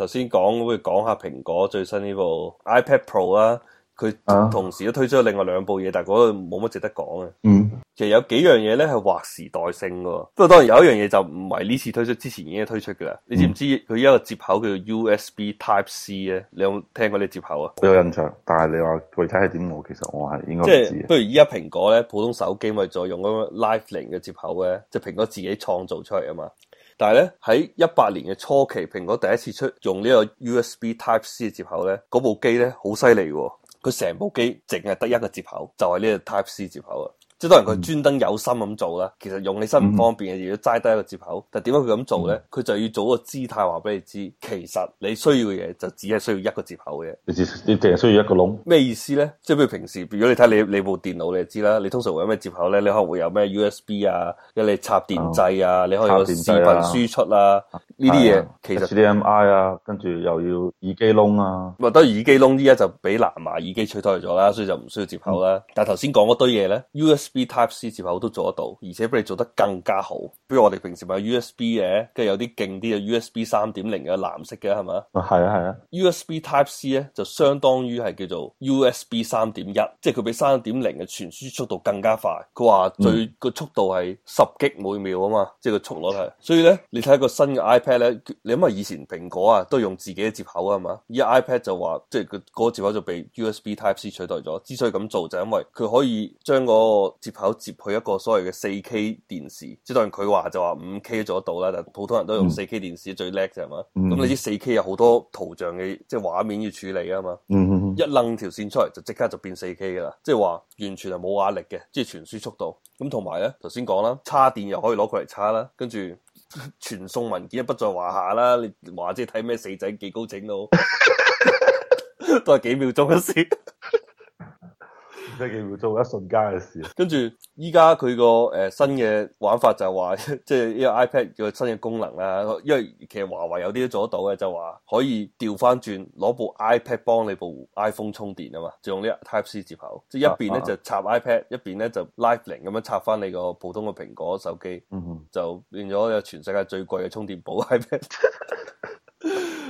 頭先講會講下蘋果最新呢部 iPad Pro 啦，佢同時都推出另外兩部嘢，但係嗰度冇乜值得講嘅。嗯，其實有幾樣嘢咧係劃時代性喎。不過當然有一樣嘢就唔係呢次推出之前已經推出嘅啦。你知唔知佢一個接口叫 USB Type-C 咧？你有冇聽過呢個接口啊？有印象，但係你話具體係點我其實我係應該唔知即係。不如依家蘋果咧普通手機咪再用嗰個 Lightning 嘅接口咧，即係蘋果自己創造出嚟啊嘛。但係咧，喺一八年嘅初期，蘋果第一次出用呢個 USB Type C 嘅接口咧，嗰部機咧好犀利喎！佢成、哦、部機淨係得一個接口，就係、是、呢個 Type C 接口。即多人佢專登有心咁做啦，其實用起身唔方便嘅，嗯、如要齋低一個接口。但點解佢咁做咧？佢、嗯、就要做個姿態話俾你知，其實你需要嘅嘢就只係需要一個接口嘅。你你淨係需要一個窿？咩意思咧？即係譬如平時，如果你睇你你部電腦，你就知啦。你通常會有咩接口咧？你可能會有咩 USB 啊，跟你插電掣啊，哦、啊你可以有視頻輸出啊，呢啲嘢其實、啊、HDMI 啊，跟住又要耳機窿啊。咪得耳機窿依家就俾藍牙耳機取代咗啦，所以就唔需要接口啦。嗯、但係頭先講嗰堆嘢咧，U.S. USB Type C 接口都做得到，而且俾你做得更加好。比如我哋平時買 USB 嘅，跟住有啲勁啲嘅 USB 三點零嘅藍色嘅，係咪？係啊係啊。 USB Type C 咧就相當於係叫做 USB 三點一，即係佢比三點零嘅傳輸速度更加快。佢話最個速度係十 G 每秒啊嘛，即係個速率係。所以咧，你睇個新嘅 iPad 咧，你諗下以前蘋果啊都用自己嘅接口啊嘛，而家 iPad 就話即係個嗰個接口就被 USB Type C 取代咗。之所以咁做就係因為佢可以將、嗰個接口接去一個所謂嘅四 k 電視，即係當然佢話就話五 k 做得到啦，但普通人都用四 k 電視最叻就係嘛？咁、mm hmm. 你啲四 k 有好多圖像嘅即係畫面要處理啊嘛，mm hmm. 一擰條線出嚟就即刻就變四 k 㗎啦，即係話完全係冇壓力嘅，即係傳輸速度。咁同埋咧，頭先講啦，叉電又可以攞佢嚟叉啦，跟住傳送文件不在話下啦。你話即係睇咩四仔幾高整到， 都係幾秒鐘嘅事。 即係佢會做一瞬間嘅事，跟住依家佢個誒新嘅玩法就係話，即係呢個 iPad 個新嘅功能啦、啊。因為其實華為有啲都做得到嘅，就話可以調翻轉攞部 iPad 幫你部 iPhone 充電啊嘛，就用呢個 Type C 接口，即、就、係、是、一邊咧就插 iPad，、啊啊、一邊咧就 Lightning 咁樣插翻你個普通嘅蘋果手機，嗯、哼就變咗有全世界最貴嘅充電寶 iPad。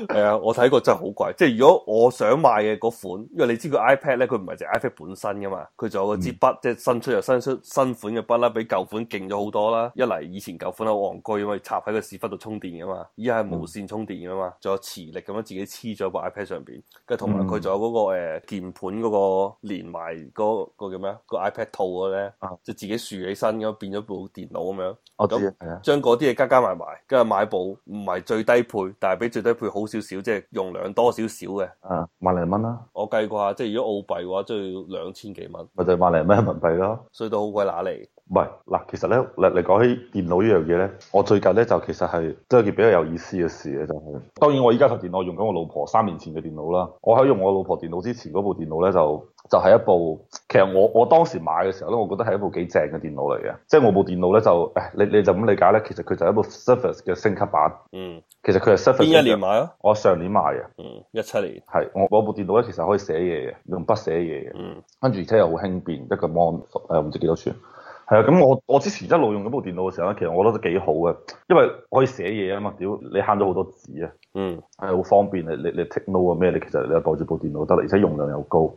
係啊， 我睇過真係好貴。即係如果我想買嘅嗰款，因為你知佢 iPad 咧，佢唔係淨係 iPad 本身噶嘛，佢仲有支筆，嗯、即係新出又新出，新，出新款嘅筆啦，比舊款勁咗好多啦。一嚟以前舊款好戇居，因為插喺個屎忽度充電噶嘛，二係無線充電噶嘛，仲、嗯、有磁力咁樣自己黐咗部 iPad 上邊，跟住同埋佢仲有嗰、嗰個誒鍵盤嗰個連埋嗰、嗰個叫咩啊？個 iPad 套嘅咧，就自己豎起身咁變咗部電腦咁樣。我知啊，係啊，將嗰啲嘢加加埋埋，跟住買部唔係最低配，但係比最低配好，好。少少即係容量多少少嘅，啊萬零蚊啦，啊、我計過下，即係如果澳幣嘅話，都要兩千幾蚊，或者萬零蚊人民幣咯，啊，所以都好鬼乸嚟。喂，嗱，其實咧嚟嚟講起電腦呢樣嘢咧，我最近咧就其實係都係件比較有意思嘅事嘅，就係、是、當然我依家台電腦用緊我老婆三年前嘅電腦啦。我喺用我老婆電腦之前嗰部電腦咧，就就係、是、一部其實我我當時買嘅時候咧，我覺得係一部幾正嘅電腦嚟嘅。即係我部電腦咧就，你你就咁理解咧，其實佢就係一部 Surface 嘅升級版。嗯。其實佢係 Surface 邊一年買啊？我上年買嘅。嗯。一七年。係我部電腦咧，其實可以寫嘢嘅，用筆寫嘢嘅。嗯。跟住而且又好輕便，一個 mon 唔、呃、知幾多寸。係啊，咁我我之前一路用緊部電腦嘅時候咧，其實我覺得都幾好嘅，因為可以寫嘢啊嘛，屌你慳咗好多紙啊，嗯，係好方便，你你你 take note 啊咩，你，你 no, 其實你袋住部電腦得啦，而且容量又高。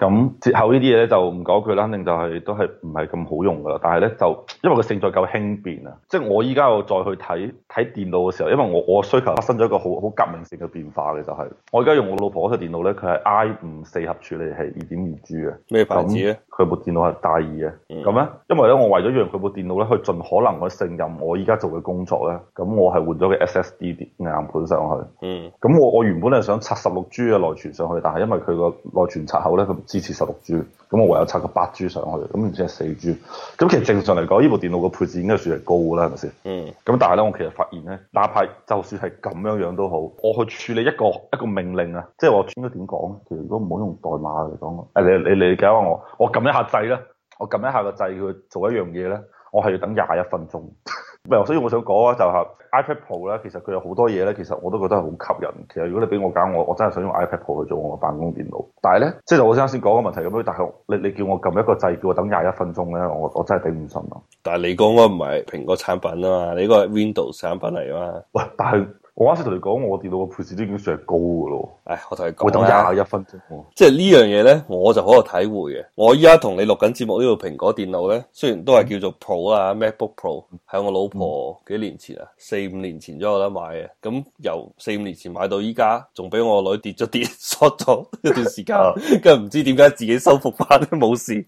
咁接口呢啲嘢咧就唔講佢啦，肯定就係、是、都係唔係咁好用㗎喇。但係咧就因為佢勝在夠輕便啊，即係我依家我再去睇睇電腦嘅時候，因為我我需求發生咗一個好好革命性嘅變化嘅、就是，就係我而家用我老婆嗰台電腦咧，佢係 i 五四核處理器係二點二 G 嘅咩配置，佢部電腦係大二嘅，咁咧、嗯、因為咧我為咗讓佢部電腦咧去盡可能去勝任我依家做嘅工作咧，咁我係換咗個 SSD 硬盤上去。嗯，咁我我原本係想插十六 G 嘅內存上去，但係因為佢個內存插口咧佢。支持十六 G，咁我唯有拆個八 G 上去，咁唔知係四 G。咁其實正常嚟講，呢部電腦個配置應該算係高㗎啦，係咪先？嗯。咁但係咧，我其實發現咧，哪怕就算係咁樣樣都好，我去處理一個一個命令啊，即係我應該點講咧？其實如果唔好用代碼嚟講，誒你你你假話我，我撳一下掣咧，我撳一下個掣去做一樣嘢咧。我係要等廿一分鐘， 所以我想講啊、就係，就係 iPad Pro 咧，其實佢有好多嘢咧，其實我都覺得係好吸引。其實如果你俾我揀，我我真係想用 iPad Pro 去做我辦公電腦。但係呢，即係我先啱先講個問題咁樣，但係你你叫我撳一個掣，叫我等廿一分鐘呢，我我真係頂唔順啊！但係你講嘅唔係蘋果產品啊嘛，你呢個係 Windows 產品嚟啊嘛。喂，但係。我嗰陣時同你講，我電腦個配置都已經算係高噶咯。唉，我同你講咧，一分鐘，即係呢樣嘢咧，我就好有體會嘅。我依家同你錄緊節目呢部蘋果電腦咧，雖然都係叫做 Pro 啊、嗯、MacBook Pro，係我老婆幾年前啊，四五、嗯、年前先有得買嘅。咁由四五年前買到依家，仲俾我女跌咗跌 short 咗一段時間，跟住唔知點解自己修復翻都冇事。 4，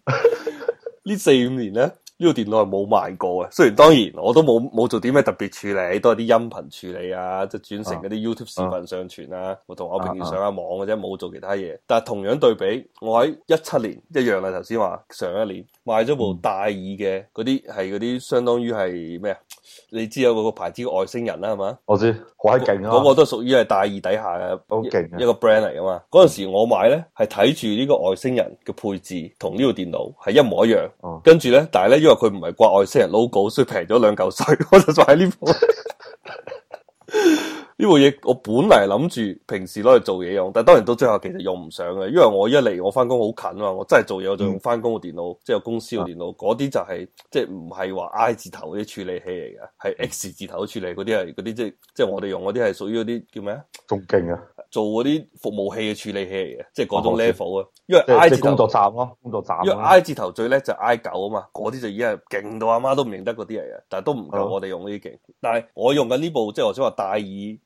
呢四五年咧。呢部電腦係冇賣過嘅，雖然當然我都冇冇做啲咩特別處理，都係啲音頻處理啊，即係轉成嗰啲 YouTube 視頻上傳啊，我同我平時上下網或者冇做其他嘢。但係同樣對比，我喺一七年一樣啦，頭先話上一年買咗部戴爾嘅嗰啲係嗰啲相當於係咩啊？你知有嗰個牌子嘅外星人啦，係嘛？我知好閪勁啊！嗰個都屬於係戴爾底下嘅，好勁啊，一個 brand 嚟噶嘛。嗰陣時我買咧係睇住呢個外星人嘅配置同呢部電腦係一模一樣，跟住咧，但係咧佢唔係國外私人 logo，所以平咗兩嚿水，我就就喺呢部。 呢部嘢我本嚟諗住平時攞嚟做嘢用，但係當然到最後其實用唔上嘅，因為我一嚟我翻工好近啊嘛，我真係做嘢我就用翻工個電腦，即係公司個電腦，嗰啲就係即係唔係話 I 字頭嗰啲處理器嚟嘅，係 X 字頭處理嗰啲係嗰啲即係即係我哋用嗰啲係屬於嗰啲叫咩啊？仲勁啊！做嗰啲服務器嘅處理器嚟嘅，即係嗰種 level 像啊，工作站啊，工作站啊因為 I 字頭最叻就係、I 九啊嘛，嗰啲就已經係勁到阿媽都唔認得嗰啲嚟嘅，但係都唔夠我哋用呢啲勁。的但係我用緊呢部即係我想話戴爾。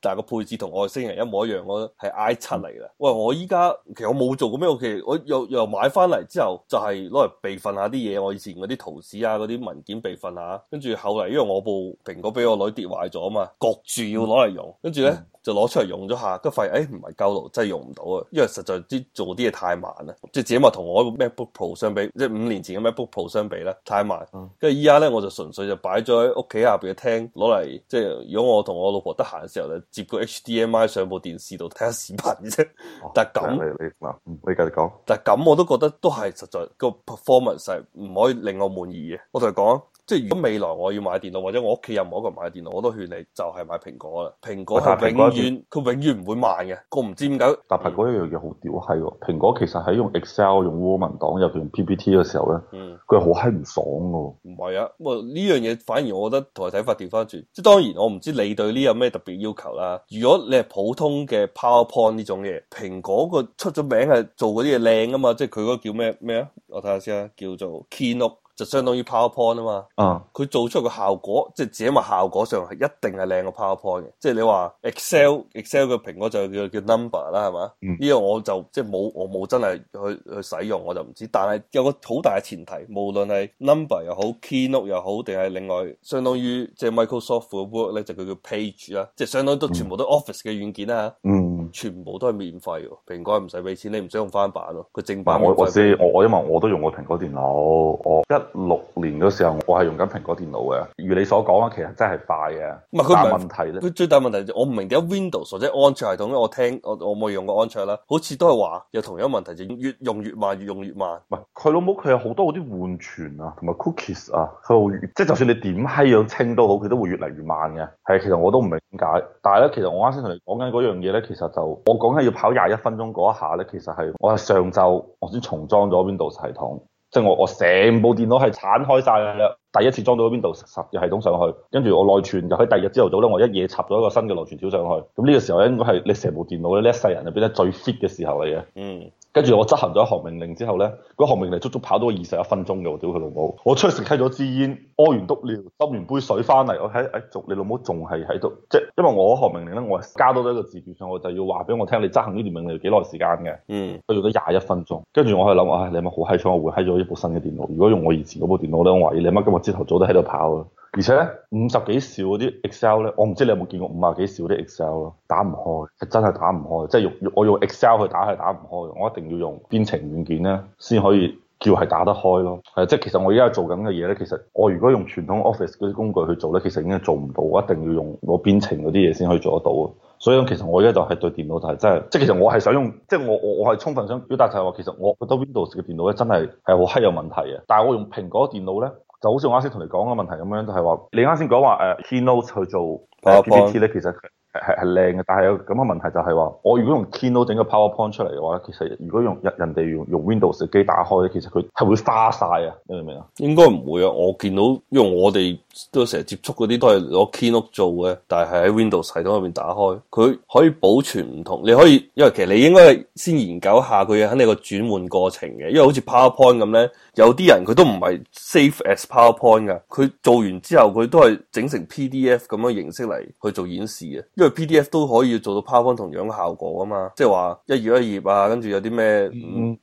但係個配置同外星人一模一樣，我係 I 七嚟嘅。喂，我依家其實我冇做過咩，我其實我又又買翻嚟之後就係攞嚟備份下啲嘢。我以前嗰啲圖紙啊、嗰啲文件備份下。跟住後嚟，因為我部蘋果俾我女跌壞咗啊嘛，焗住要攞嚟用。跟住咧。嗯就攞出嚟用咗下，都發現誒唔係夠用，真係用唔到啊！因為實在啲做啲嘢太慢啦，即係自己同我 MacBook Pro 相比，即係五年前嘅 MacBook Pro 相比啦，太慢。跟住依家咧，我就純粹就擺咗喺屋企下邊嘅廳攞嚟，即係如果我同我老婆得閒嘅時候咧，就接個 HDMI 上部電視度睇下視頻啫。但係咁、哦，你你嗱，你繼續講，但係咁我都覺得都係實在、這個 performance 唔可以令我滿意嘅。我同你講，即係如果未來我要買電腦，或者我屋企任何一個買電腦，我都勸你就係買蘋果啦，蘋果佢永遠唔會慢嘅，個唔知點解。但係嗰一樣嘢好屌係，蘋果其實喺用 Excel、用 Word 文檔又用 PPT 嘅時候咧，佢係好閪唔爽噶。唔係啊，咁啊呢樣嘢反而我覺得同我睇法調翻轉，即係當然我唔知你對呢有咩特別要求啦。如果你係普通嘅 PowerPoint 呢種嘢，蘋果個出咗名係做嗰啲嘢靚啊嘛，即係佢嗰個叫咩咩啊？我睇下先啊，叫做 Keynote。就相當於 PowerPoint 啊嘛，佢、uh, 做出個效果，即、就、係、是、自己話效果上係一定係靚過 PowerPoint 嘅。即、就、係、是、你話 Excel，Excel 嘅蘋果就叫叫 Number 啦，係嘛？呢、嗯、個我就即係冇，我冇真係去去使用，我就唔知。但係有個好大嘅前提，無論係 Number 又好，Keynote 又好，定係另外相當於即係 Microsoft 嘅 Word 咧，就佢、是、叫 Page 啦，即、就、係、是、相當於都、嗯、全部都 Office 嘅軟件啦。嗯全部都係免費喎，蘋果唔使俾錢，你唔使用翻版咯，佢正版。我我知，我我因為我都用過蘋果電腦，我一六年嗰時候我係用緊蘋果電腦嘅。如你所講啊，其實真係快嘅，唔係，但問題咧，佢最大問題就我唔明點解 Windows 或者安卓系統咧，我聽我我冇用過安卓啦，好似都係話有同樣問題，就越用越慢，越用越慢。唔係佢老母，佢有好多嗰啲緩存啊，同埋 cookies 啊，佢 即係就算你點閪樣清都好，佢都會越嚟越慢嘅。係，其實我都唔明點解。但係咧，其實我啱先同你講緊嗰樣嘢咧，其實，就係就我講緊要跑廿一分鐘嗰一下咧，其實係我係上晝我先重裝咗 Windows 系統，即係我我成部電腦係剷開晒嘅咧。第一次裝到 Windows 十嘅系統上去，跟住我內存又喺第二日朝頭早咧，我一夜插咗一個新嘅內存條上去。咁呢個時候應該係你成部電腦咧，呢一世人就變得最 fit 嘅時候嚟嘅。嗯。跟住我執行咗一項命令之後咧，嗰項命令足足跑咗二十一分鐘嘅，我屌佢老母！我出去食閪咗支煙，屙完篤尿，斟完杯水翻嚟，我喺誒，仲、哎、你老母仲係喺度，即係因為我嗰項命令咧，我係加多咗一個字條上，我就要話俾我聽，你執行呢段命令幾耐時間嘅？嗯，佢用咗廿一分鐘。跟住我可以諗唉，你阿媽好閪我換喺咗一部新嘅電腦。如果用我以前嗰部電腦咧，我懷疑你阿媽今日朝頭早都喺度跑啊！而且咧，五十幾兆啲 Excel 咧，我唔知你有冇見過五十幾兆啲 Excel 咯，打唔開，係真係打唔開，即係用我用 Excel 去打係打唔開，我一定要用編程軟件咧先可以叫係打得開咯。係即係其實我而家做緊嘅嘢咧，其實我如果用傳統 Office 嗰啲工具去做咧，其實已經係做唔到，我一定要用我編程嗰啲嘢先可以做得到啊。所以其實我而家就係對電腦就係真係，即係其實我係想用，即係我我我係充分想表達就係話，其實我覺得 Windows 嘅電腦咧真係係好閪有問題嘅。但係我用蘋果電腦咧。就好似我啱先同你講嘅問題咁樣，就係話你啱先講話誒，uh，Keynote 去做 PPT 咧，其實係係係靚嘅。但係有咁嘅問題就係話，我如果用 Keynote 整個 PowerPoint 出嚟嘅話咧，其實如果用人人哋用用 Windows 機打開咧，其實佢係會花晒啊，你明唔明啊？應該唔會啊！我見到因為我哋。都成日接觸嗰啲都係攞 Keynote 做嘅，但係喺 Windows 系統入面打開，佢可以保存唔同。你可以因為其實你應該先研究下佢嘅肯定個轉換過程嘅，因為好似 PowerPoint 咁咧，有啲人佢都唔係 save as PowerPoint 噶，佢做完之後佢都係整成 PDF 咁嘅形式嚟去做演示嘅，因為 PDF 都可以做到 PowerPoint 同樣嘅效果啊嘛，即係話一頁一頁啊，跟住有啲咩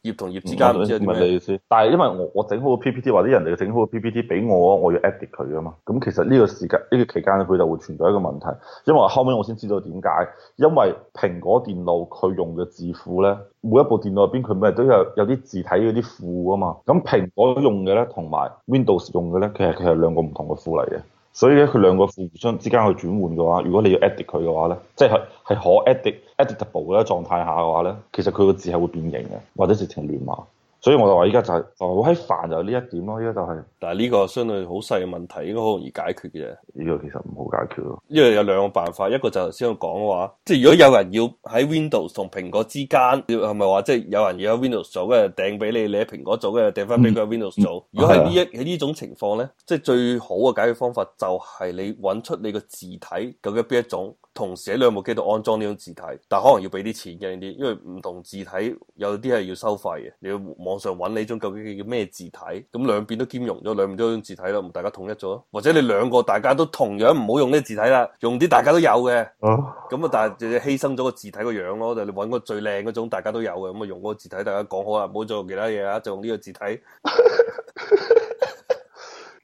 頁同頁之間唔、嗯、知咩意思，但係因為我我整好個 PPT，或者人哋整好個 PPT 俾我，我要 edit 佢啊嘛。咁其實呢個時間呢、呢個期間咧，佢就會存在一個問題，因為後尾我先知道點解，因為蘋果電腦佢用嘅字庫咧，每一部電腦入邊佢每日都有有啲字體嗰啲庫啊嘛，咁蘋果用嘅咧，同埋 Windows 用嘅咧，其實佢係兩個唔同嘅庫嚟嘅，所以咧佢兩個庫互相之間去轉換嘅話，如果你要 edit 佢嘅話咧，即係係可 edit editable 嘅狀態下嘅話咧，其實佢個字係會變形嘅，或者直情現亂碼。所以我就話依家就好喺煩就呢一點咯，依家就係，但係呢個相對好細嘅問題，應該好容易解決嘅，呢個其實唔好解決咯，因為有兩個辦法，一個就頭先我講嘅話，即係如果有人要喺 Windows 同蘋果之間，要係咪話即係有人要喺 Windows 做跟住掟俾你，你喺蘋果做跟住掟翻俾佢喺 Windows 做，嗯、如果係呢一呢種情況咧，即係最好嘅解決方法就係你揾出你個字體究竟邊一種。同時喺兩部機度安裝呢種字體，但可能要俾啲錢嘅呢啲，因為唔同字體有啲係要收費嘅。你要網上揾呢種究竟叫咩字體，咁兩邊都兼容咗兩種字體啦，咁大家統一咗，或者你兩個大家都同樣唔好用呢字體啦，用啲大家都有嘅。咁啊，但係你犧牲咗個字體個樣咯，就你揾個最靚嗰種大家都有嘅，咁啊用嗰個字體大家講好啦，唔好再用其他嘢啦，就用呢個字體。啊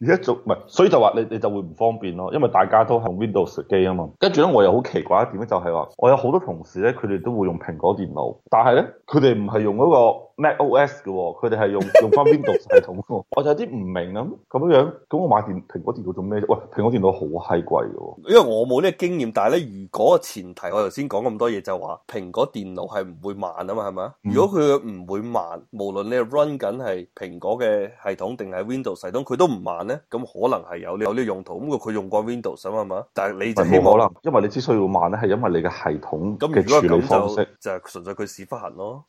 而家做唔係，所以就話你你就會唔方便咯，因為大家都係用 Windows 機啊嘛。跟住咧，我又好奇怪一點咧，就係話我有好多同事咧，佢哋都會用蘋果電腦，但係咧佢哋唔係用嗰個。MacOS 嘅喎，佢哋係用用翻 Windows 系統嘅喎， 我就有啲唔明啦。咁樣樣，咁我買電蘋果電腦做咩啫？喂，蘋果電腦好閪貴嘅，因為我冇呢個經驗。但係咧，如果前提，我頭先講咁多嘢就係話，蘋果電腦係唔會慢啊嘛，係咪啊？嗯，如果佢唔會慢，無論你 run 緊係蘋果嘅系統定係 Windows 系統，佢都唔慢咧，咁可能係有有呢個用途。咁佢用過 Windows 啊嘛？但係你就冇可能，因為你之所以會慢咧，係因為你嘅系統嘅處理方式就係純粹佢屎忽痕咯。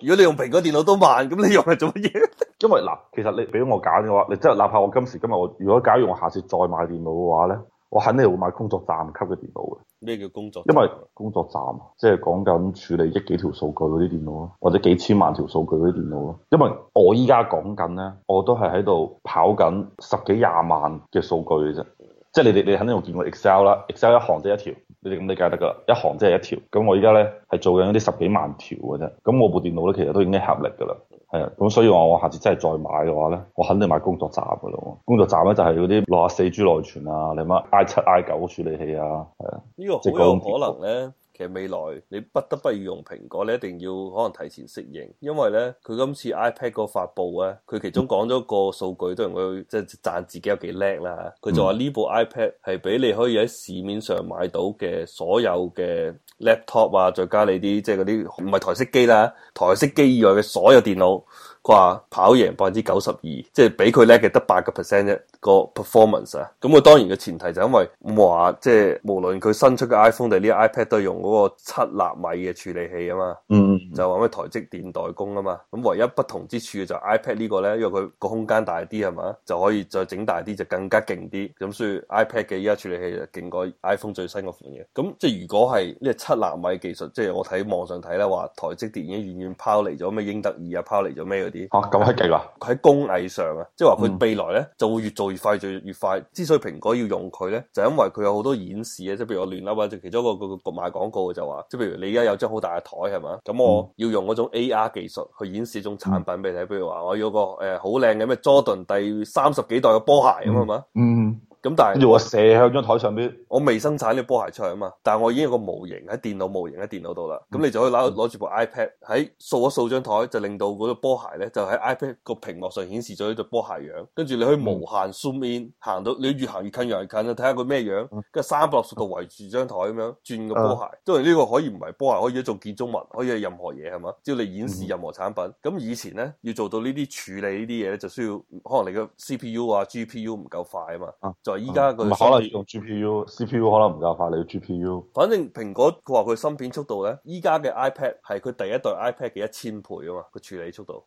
如果你用如果電腦都慢，咁你用嚟做乜嘢？因為嗱，其實你俾我揀嘅話，你即係哪怕我今時今日我如果假如我下次再買電腦嘅話咧，我肯定會買工作站級嘅電腦嘅。咩叫工作站？因為工作站啊，即係講緊處理億幾條數據嗰啲電腦咯，或者幾千萬條數據嗰啲電腦咯。因為我依家講緊咧，我都係喺度跑緊十幾廿萬嘅數據嘅啫，即係你哋你肯定有見過 Excel 啦，Excel 一行一條。你哋咁理解得噶啦，一行即係一條。咁我依家咧係做緊嗰啲十幾萬條嘅啫。咁我部電腦咧其實都已經合力噶啦。係啊，咁所以話我下次真係再買嘅話咧，我肯定買工作站噶啦。工作站咧就係嗰啲六十四 G 內存啊，你乜 I 七 I 九處理器啊。係啊，呢個好有可能咧。嘅未來你不得不要用蘋果，你一定要可能提前適應，因為咧佢今次 iPad 嗰個發布咧，佢其中講咗個數據都係用去即係讚自己有幾叻啦。佢就話呢、嗯、部 iPad 係比你可以喺市面上買到嘅所有嘅 laptop 啊，再加你啲即係嗰啲唔係台式機啦，台式機以外嘅所有電腦。佢話跑贏百分之九十二，即係比佢叻嘅得八個 percent 啫，個 performance 啊！咁佢當然嘅前提就因為話即係無論佢新出嘅 iPhone 定呢 iPad 都係用嗰個七納米嘅處理器啊嘛，嗯嗯就話咩台積電代工啊嘛。咁唯一不同之處就係 iPad 呢個咧，因為佢個空間大啲係嘛，就可以再整大啲就更加勁啲。咁所以 iPad 嘅依家處理器就勁過 iPhone 最新嗰款嘅。咁即係如果係呢個七納米技術，即係我睇網上睇咧，話台積電已經遠遠拋離咗咩英特爾啊，拋離咗咩？啊，咁係勁啊！佢喺工藝上啊，即係話佢未來咧就會越做越快越，就、嗯、越快。之所以蘋果要用佢咧，就因為佢有好多演示啊，即係譬如我亂啦，或者其中一個個賣廣告就話，即係譬如你而家有張好大嘅台係嘛，咁我要用嗰種 AR 技術去演示種產品俾、嗯、你睇，譬如話我要個誒好靚嘅咩 Jordan 第三十幾代嘅波鞋咁係嘛。嗯。吧咁但係跟住我射向張台上邊，我未生產呢波鞋出嚟啊嘛，但係我已經有個模型喺電腦模型喺電腦度啦。咁、嗯、你就可以攞攞住部 iPad 喺掃一掃張台，就令到嗰個波鞋咧就喺 iPad 個屏幕上顯示咗呢隻波鞋樣。跟住你可以無限 zoom in，行到你越行越近越近咧，睇下佢咩樣。跟住三百六十度圍住張台咁樣轉個波鞋。因為呢個可以唔係波鞋，可以做建築物，可以係任何嘢係嘛？只要你演示任何產品。咁、嗯嗯、以前咧要做到呢啲處理呢啲嘢咧，就需要可能你個 CPU 啊 GPU 唔夠快啊嘛。嗯在依家佢可能用 G P U C P U 可能唔夠快，你要、嗯、G P U。反正蘋果佢話佢芯片速度咧，依家嘅 iPad 係佢第一代 iPad 嘅一千倍啊嘛，佢處理速度。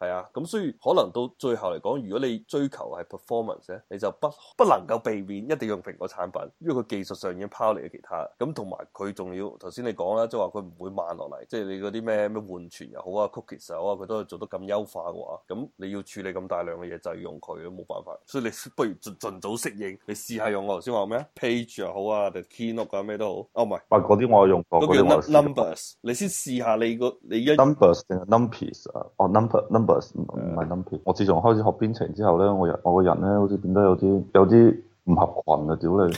係 啊，咁所以可能到最後嚟講，如果你追求係 performance 咧，你就不不能夠避免一定要用蘋果產品，因為佢技術上已經拋離其他。咁同埋佢仲要頭先你講啦、就是，即係話佢唔會慢落嚟，即係你嗰啲咩咩緩存又好啊、Cookie 手啊，佢都係做得咁優化嘅話，咁你要處理咁大量嘅嘢就要用佢，冇辦法。所以你不如盡儘早適應。你試下用我頭先話咩啊？Page 又好,好、oh, 啊，定 Keynote 啊，咩都好。哦，唔係，嗱嗰啲我有用過。嗰叫 numbers，Num 你先試下你個你一 numbers 定係 numbers 啊？哦，number numbers 唔係 number 我自從開始學編程之後咧，我我個人咧好似變得有啲有啲唔合群啊。屌你，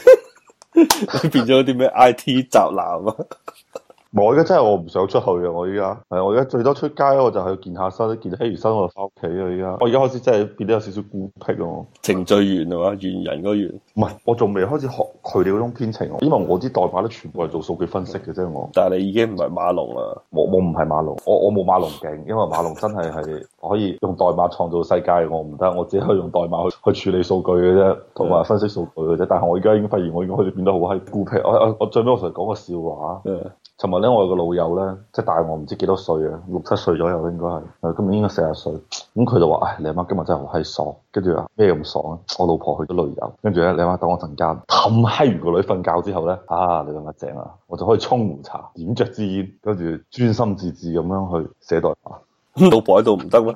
你變咗啲咩 IT 宅男啊？ 我而家真係我唔想出去啊！我依家係我而家最多出街，我就係去健下身，健得完身，身，身，身我就翻屋企啊。依家我而家開始真係變得有少少孤僻咯。程序員啊嘛，猿人嗰樣，唔係我仲未開始學佢哋嗰種編程，因為我啲代碼都全部係做數據分析嘅啫。我，但係你已經唔係馬龍啦，我我唔係馬龍，我我冇馬龍勁，因為馬龍真係係 可以用代碼創造世界，我唔得，我只可以用代碼去去處理數據嘅啫，同埋分析數據嘅啫。但係我而家已經發現，我已經開始變得好閪孤僻。我我，我最尾我同你講個笑話，嗯，尋日咧。因為我個老友咧，即係大我唔知幾多歲啊，六七歲左右應該係，今年應該四十歲。咁佢就話：，唉、哎，你阿媽今日真係好閪爽，跟住話，咩咁爽？我老婆去咗旅遊，跟住咧，你阿媽等我陣間氹閪完個女瞓覺之後咧，啊，你阿媽正啊，我就可以沖壺茶，點着支煙，跟住專心致志咁樣去寫代碼。 老婆喺度唔得咩？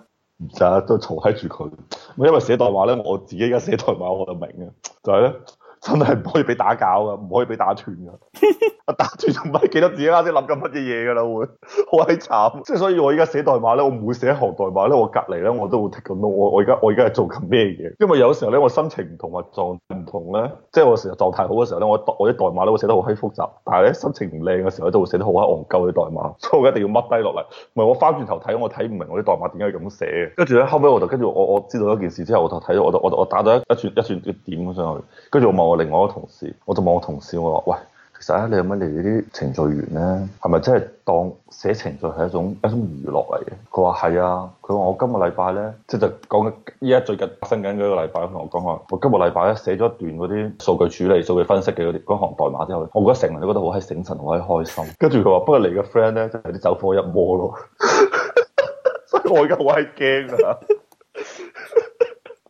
成日都嘈閪住佢。因為寫代碼咧，我自己而家寫代碼我就明啊，就係、是、咧。真係唔可以俾打攪㗎，唔可以俾打斷㗎。啊，打斷就唔係記得自己啱先諗緊乜嘢嘢㗎啦，會好閪慘。即係所以我而家寫代碼咧，我唔會寫一行代碼咧。我隔離咧，我都會睇緊我我而家我依家係做緊咩嘢。因為有時候咧，我心情唔同呀，狀態唔同咧，即係我成日狀態好嘅時候咧，我我啲代碼咧會寫得好閪複雜。但係咧，心情唔靚嘅時候咧，都會寫得好閪戇鳩啲代碼。所以我一定要乜低落嚟。唔係我翻轉頭睇，我睇唔明我啲代碼點解咁寫。跟住咧後尾我就跟住我我知道一件事之後，我就睇到我就我我打咗一串一串一點上去。跟住我我另外一個同事，我就問我同事：我話，喂，其實咧，你有乜嚟呢啲程序員咧？係咪真係當寫程序係一種一種娛樂嚟嘅？佢話係啊，佢話我今個禮拜咧，即係就講緊依家最近發生緊嗰個禮拜，佢同我講話，我今個禮拜咧寫咗一段嗰啲數據處理、數據分析嘅嗰啲嗰行代碼之後，我覺得成日都覺得好喺醒神，好喺開心。跟住佢話：不過你嘅 friend 咧真有啲走火入魔咯， 所以我而家好驚啊！